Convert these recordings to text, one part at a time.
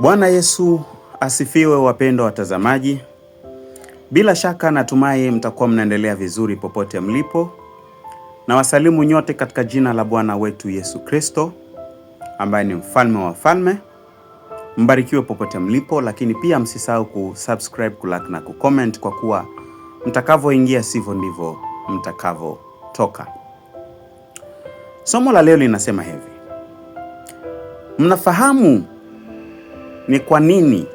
Bwana Yesu asifiwe, wapendwa watazamaji. Bila shaka natumai mtakuwa mnaendelea vizuri popote mlipo, na wasalimu nyote katika jina la Bwana wetu Yesu Kristo ambaye ni mfalme wa falme. Mbarikiwe popote mlipo, lakini pia msisahau kusubscribe, kulike na kucomment, kwa kuwa mtakavyoingia sivyo ndivyo mtakavyotoka. Somo la leo linasema hivi: mnafahamu ni kwa nini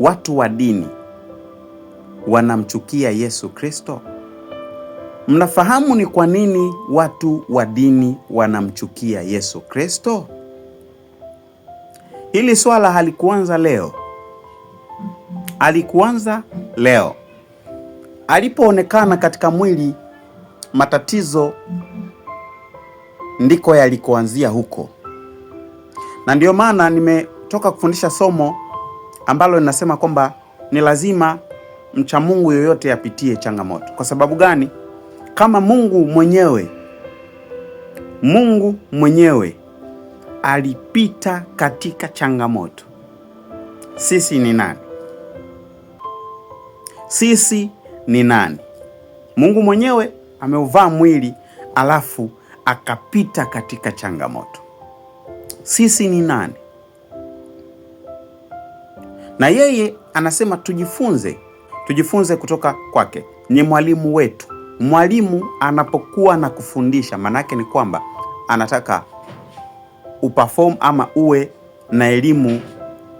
watu wa dini wanamchukia Yesu Kristo? Mnafahamu ni kwa nini watu wa dini wanamchukia Yesu Kristo? Hili swala halikuanza leo, alikuanza leo alipoonekana katika mwili matatizo ndiko yalikoanzia huko, na ndio maana nime toka kufundisha somo ambalo linasema kwamba ni lazima mcha Mungu yoyote apitie changamoto. Kwa sababu gani? Kama Mungu mwenyewe Mungu mwenyewe alipita katika changamoto, sisi ni nani? Sisi ni nani? Mungu mwenyewe ameuvaa mwili alafu akapita katika changamoto. Sisi ni nani? na yeye anasema tujifunze, tujifunze kutoka kwake. Ni mwalimu wetu. Mwalimu anapokuwa na kufundisha, maana yake ni kwamba anataka uperform ama uwe na elimu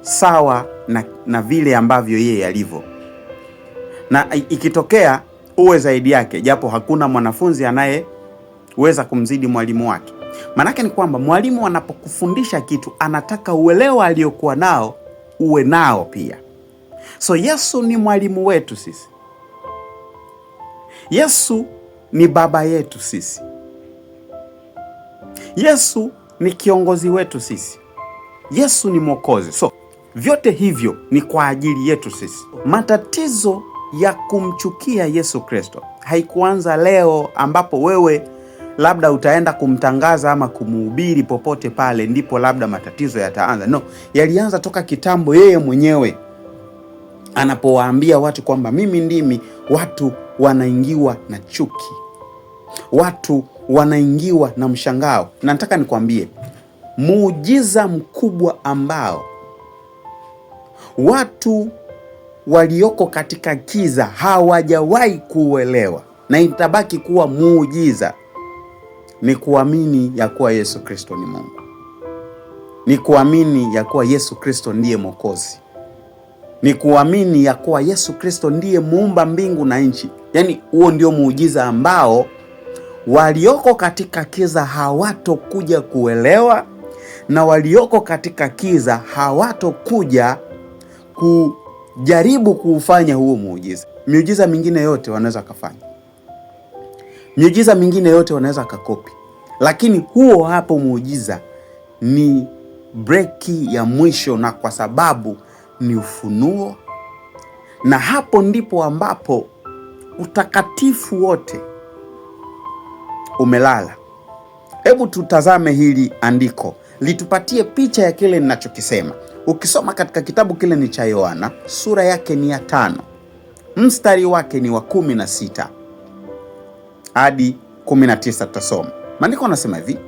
sawa na, na vile ambavyo yeye alivyo, na ikitokea uwe zaidi yake, japo hakuna mwanafunzi anayeweza kumzidi mwalimu wake. Maanake ni kwamba mwalimu anapokufundisha kitu anataka uelewa aliyokuwa nao uwe nao pia. So Yesu ni mwalimu wetu sisi. Yesu ni baba yetu sisi. Yesu ni kiongozi wetu sisi. Yesu ni mwokozi. So vyote hivyo ni kwa ajili yetu sisi. Matatizo ya kumchukia Yesu Kristo haikuanza leo ambapo wewe labda utaenda kumtangaza ama kumuhubiri popote pale, ndipo labda matatizo yataanza. No, yalianza toka kitambo, yeye mwenyewe anapowaambia watu kwamba mimi ndimi, watu wanaingiwa na chuki, watu wanaingiwa na mshangao. Na nataka nikwambie muujiza mkubwa ambao watu walioko katika kiza hawajawahi kuuelewa na itabaki kuwa muujiza ni kuamini ya kuwa Yesu Kristo ni Mungu, ni kuamini ya kuwa Yesu Kristo ndiye Mwokozi, ni kuamini ya kuwa Yesu Kristo ndiye muumba mbingu na nchi. Yaani huo ndio muujiza ambao walioko katika kiza hawatokuja kuelewa na walioko katika kiza hawatokuja kujaribu kuufanya huo muujiza. Miujiza mingine yote wanaweza kufanya Miujiza mingine yote wanaweza kakopi, lakini huo hapo muujiza ni breki ya mwisho, na kwa sababu ni ufunuo, na hapo ndipo ambapo utakatifu wote umelala. Hebu tutazame hili andiko litupatie picha ya kile ninachokisema. Ukisoma katika kitabu kile ni cha Yohana, sura yake ni ya tano mstari wake ni wa kumi na sita hadi 19 tutasoma. Maandiko anasema hivi: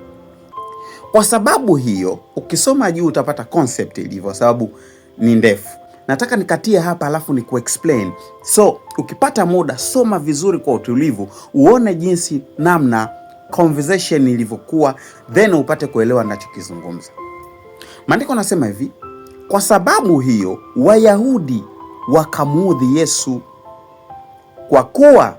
kwa sababu hiyo, ukisoma juu utapata concept ilivyo, kwa sababu ni ndefu. Nataka nikatie hapa alafu ni kuexplain. So ukipata muda, soma vizuri kwa utulivu, uone jinsi namna conversation ilivyokuwa, then upate kuelewa ninachokizungumza. Maandiko anasema hivi: kwa sababu hiyo Wayahudi wakamuudhi Yesu kwa kuwa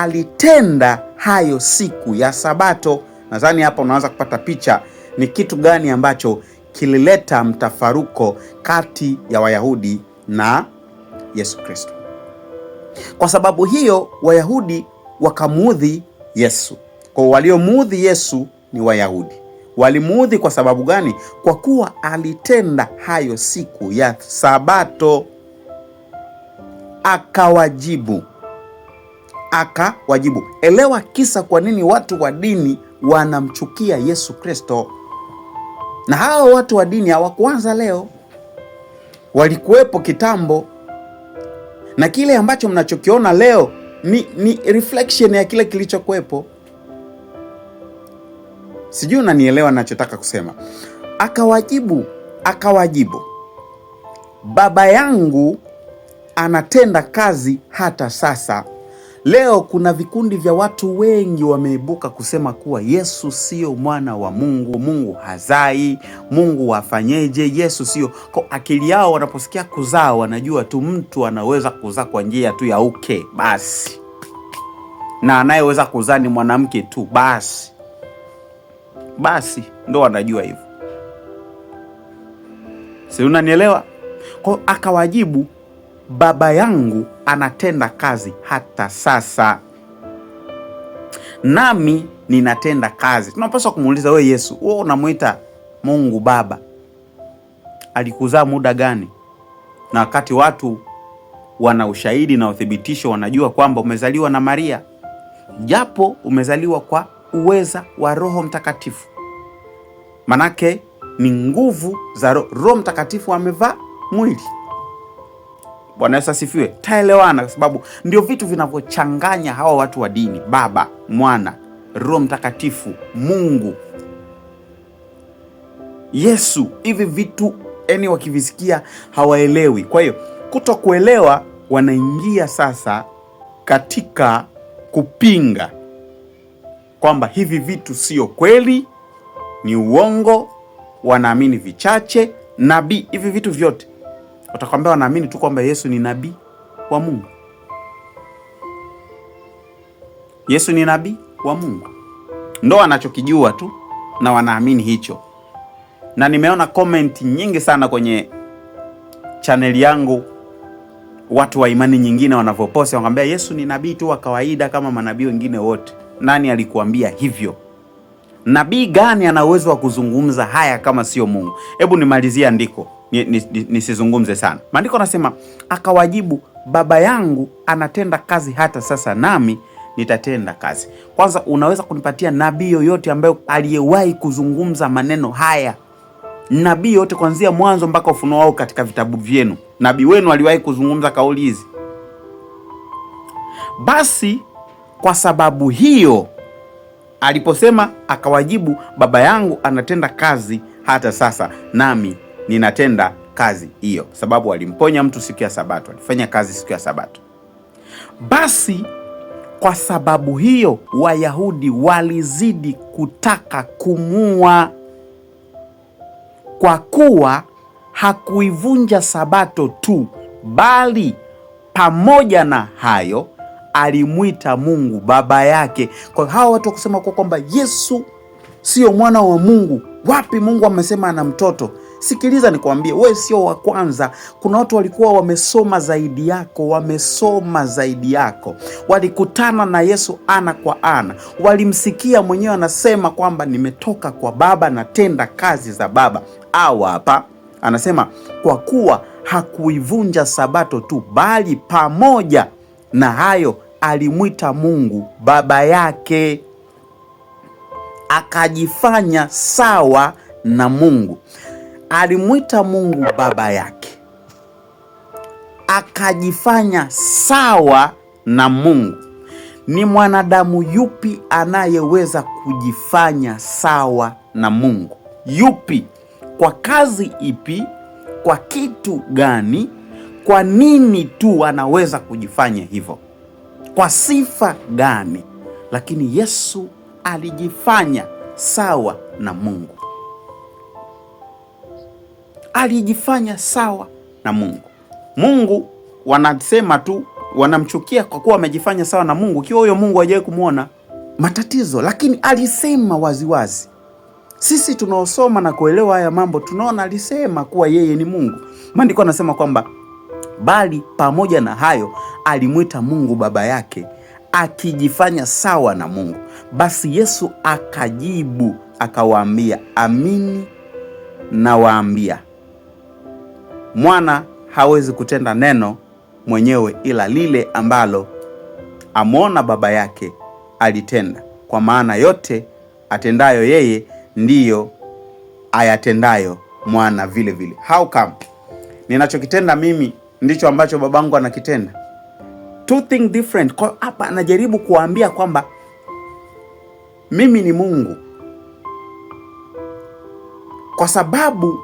alitenda hayo siku ya Sabato. Nadhani hapa unaanza kupata picha ni kitu gani ambacho kilileta mtafaruko kati ya Wayahudi na Yesu Kristo. Kwa sababu hiyo Wayahudi wakamuudhi Yesu. Kwa waliomuudhi Yesu ni Wayahudi. Walimuudhi kwa sababu gani? Kwa kuwa alitenda hayo siku ya Sabato. Akawajibu akawajibu. Elewa kisa kwa nini watu wa dini wanamchukia Yesu Kristo. Na hao watu wa dini hawakuanza leo, walikuwepo kitambo, na kile ambacho mnachokiona leo ni, ni reflection ya kile kilichokuwepo. Sijui unanielewa nachotaka kusema. Akawajibu, akawajibu, Baba yangu anatenda kazi hata sasa Leo kuna vikundi vya watu wengi wameibuka kusema kuwa Yesu sio mwana wa Mungu, Mungu hazai, Mungu wafanyeje, Yesu sio. Kwa akili yao wanaposikia kuzaa, wanajua tu mtu anaweza kuzaa kwa njia tu ya uke okay, basi, na anayeweza kuzaa ni mwanamke tu basi, basi ndo wanajua hivyo, si unanielewa? Kwa akawajibu Baba yangu anatenda kazi hata sasa, nami ninatenda kazi. Tunapaswa kumuuliza we Yesu, wewe unamwita Mungu Baba, alikuzaa muda gani? Na wakati watu wana ushahidi na uthibitisho, wanajua kwamba umezaliwa na Maria, japo umezaliwa kwa uweza wa Roho Mtakatifu, manake ni nguvu za Roho Mtakatifu amevaa mwili. Bwana Yesu asifiwe. Taelewana kwa sababu ndio vitu vinavyochanganya hawa watu wa dini, Baba, Mwana, Roho Mtakatifu, Mungu, Yesu. Hivi vitu yani wakivisikia hawaelewi. Kwa hiyo kutokuelewa, wanaingia sasa katika kupinga kwamba hivi vitu sio kweli, ni uongo. Wanaamini vichache nabii, hivi vitu vyote watakwambia wanaamini tu kwamba Yesu ni nabii wa Mungu. Yesu ni nabii wa Mungu, ndo wanachokijua tu na wanaamini hicho. Na nimeona komenti nyingi sana kwenye chaneli yangu, watu wa imani nyingine wanavyoposti, wanakwambia Yesu ni nabii tu wa kawaida kama manabii wengine wote. Nani alikuambia hivyo? Nabii gani ana uwezo wa kuzungumza haya kama sio Mungu? Hebu nimalizie andiko nisizungumze ni, ni sana. Maandiko anasema akawajibu, baba yangu anatenda kazi hata sasa, nami nitatenda kazi. Kwanza, unaweza kunipatia nabii yoyote ambayo aliyewahi kuzungumza maneno haya? Nabii yote kuanzia Mwanzo mpaka Ufunuo wao katika vitabu vyenu, nabii wenu aliwahi kuzungumza kauli hizi? Basi kwa sababu hiyo Aliposema akawajibu, baba yangu anatenda kazi hata sasa, nami ninatenda kazi hiyo, sababu alimponya mtu siku ya Sabato, alifanya kazi siku ya Sabato. Basi kwa sababu hiyo Wayahudi walizidi kutaka kumua, kwa kuwa hakuivunja Sabato tu, bali pamoja na hayo alimwita Mungu baba yake. Kwa hiyo hawa watu wakusema kwa kwamba Yesu sio mwana wa Mungu, wapi? Mungu amesema ana mtoto. Sikiliza nikwambie, wewe sio wa kwanza. Kuna watu walikuwa wamesoma zaidi yako, wamesoma zaidi yako, walikutana na Yesu ana kwa ana, walimsikia mwenyewe anasema kwamba nimetoka kwa Baba, natenda kazi za Baba. Au hapa anasema kwa kuwa hakuivunja sabato tu, bali pamoja na hayo alimwita Mungu baba yake, akajifanya sawa na Mungu. Alimwita Mungu baba yake, akajifanya sawa na Mungu. Ni mwanadamu yupi anayeweza kujifanya sawa na Mungu? Yupi? Kwa kazi ipi? Kwa kitu gani? Kwa nini tu anaweza kujifanya hivyo? kwa sifa gani? Lakini Yesu alijifanya sawa na Mungu, alijifanya sawa na Mungu. Mungu wanasema tu wanamchukia kwa kuwa amejifanya sawa na Mungu, ikiwa huyo Mungu hajawahi kumwona matatizo, lakini alisema waziwazi. Sisi tunaosoma na kuelewa haya mambo tunaona alisema kuwa yeye ni Mungu. Maandiko anasema kwamba bali pamoja na hayo alimwita Mungu baba yake akijifanya sawa na Mungu. Basi Yesu akajibu akawaambia, amini nawaambia, mwana hawezi kutenda neno mwenyewe ila lile ambalo amwona baba yake alitenda, kwa maana yote atendayo yeye ndiyo ayatendayo mwana vile vile. How come ninachokitenda mimi ndicho ambacho babangu anakitenda? two thing different. Kwa hapa anajaribu kuambia kwamba mimi ni Mungu, kwa sababu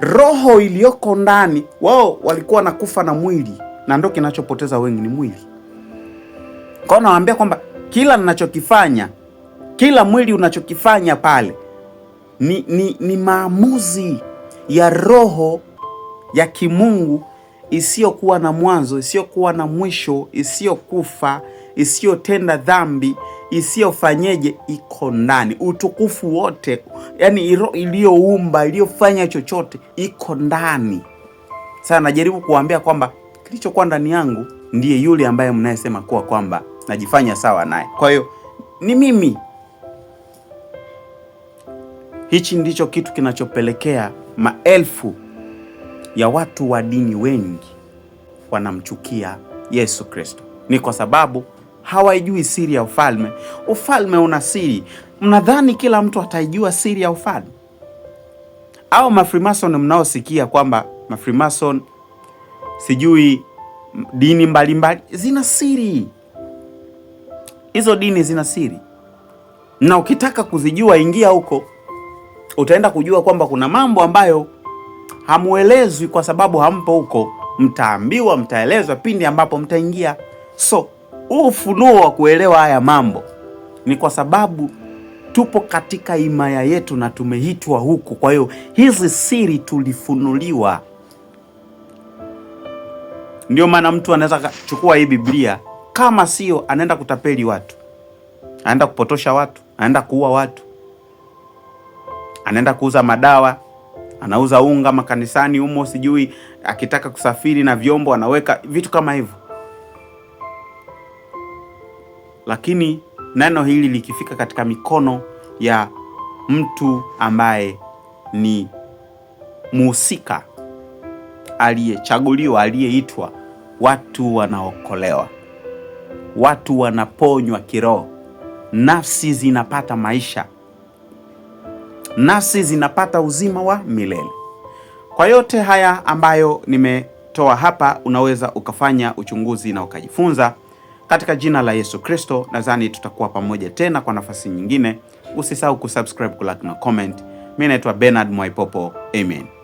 roho iliyoko ndani wao walikuwa nakufa na mwili, na ndio kinachopoteza wengi ni mwili. Kwa nawaambia kwamba kila ninachokifanya, kila mwili unachokifanya pale ni, ni, ni maamuzi ya roho ya kimungu isiyokuwa na mwanzo, isiyokuwa na mwisho, isiyokufa, isiyotenda dhambi, isiyofanyeje, iko ndani. Utukufu wote, yani iliyoumba, iliyofanya chochote, iko ndani. Sasa najaribu kuwaambia kwamba kilichokuwa ndani yangu ndiye yule ambaye mnayesema kuwa kwamba najifanya sawa naye, kwa hiyo ni mimi. Hichi ndicho kitu kinachopelekea maelfu ya watu wa dini wengi wanamchukia Yesu Kristo ni kwa sababu hawaijui siri ya ufalme. Ufalme una siri. Mnadhani kila mtu ataijua siri ya ufalme? Au mafrimason mnaosikia kwamba mafrimason sijui dini mbalimbali mbali, zina siri hizo dini zina siri, na ukitaka kuzijua, ingia huko, utaenda kujua kwamba kuna mambo ambayo hamwelezwi kwa sababu hampo huko, mtaambiwa, mtaelezwa pindi ambapo mtaingia. So huu ufunuo wa kuelewa haya mambo ni kwa sababu tupo katika himaya yetu na tumeitwa huku Kwa hiyo hizi siri tulifunuliwa. Ndio maana mtu anaweza kuchukua hii Biblia kama sio, anaenda kutapeli watu, anaenda kupotosha watu, anaenda kuua watu, anaenda kuuza madawa anauza unga makanisani humo, sijui akitaka kusafiri na vyombo anaweka vitu kama hivyo. Lakini neno hili likifika katika mikono ya mtu ambaye ni muhusika aliyechaguliwa, aliyeitwa, watu wanaokolewa, watu wanaponywa kiroho, nafsi zinapata maisha nasi zinapata uzima wa milele. Kwa yote haya ambayo nimetoa hapa, unaweza ukafanya uchunguzi na ukajifunza. Katika jina la Yesu Kristo, nadhani tutakuwa pamoja tena kwa nafasi nyingine. Usisahau kusubscribe, kulike na comment. Mimi naitwa Bernard Mwaipopo. Amen.